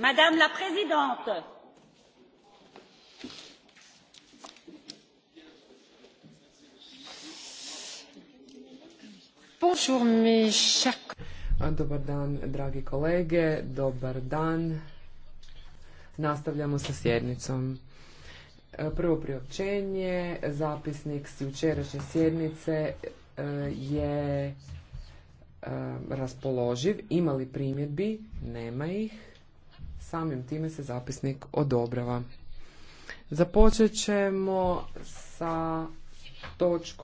Madame la Présidente, Bonjour, mes Dobar dan, dragi kolege, dobar dan. Nastavljamo sa sjednicom. E, prvo priopćenje, zapisnik s jučerašnje sjednice e, je e, raspoloživ. Ima li primjedbi? Nema ih. Samim time se zapisnik odobrava. Započet ćemo sa točkom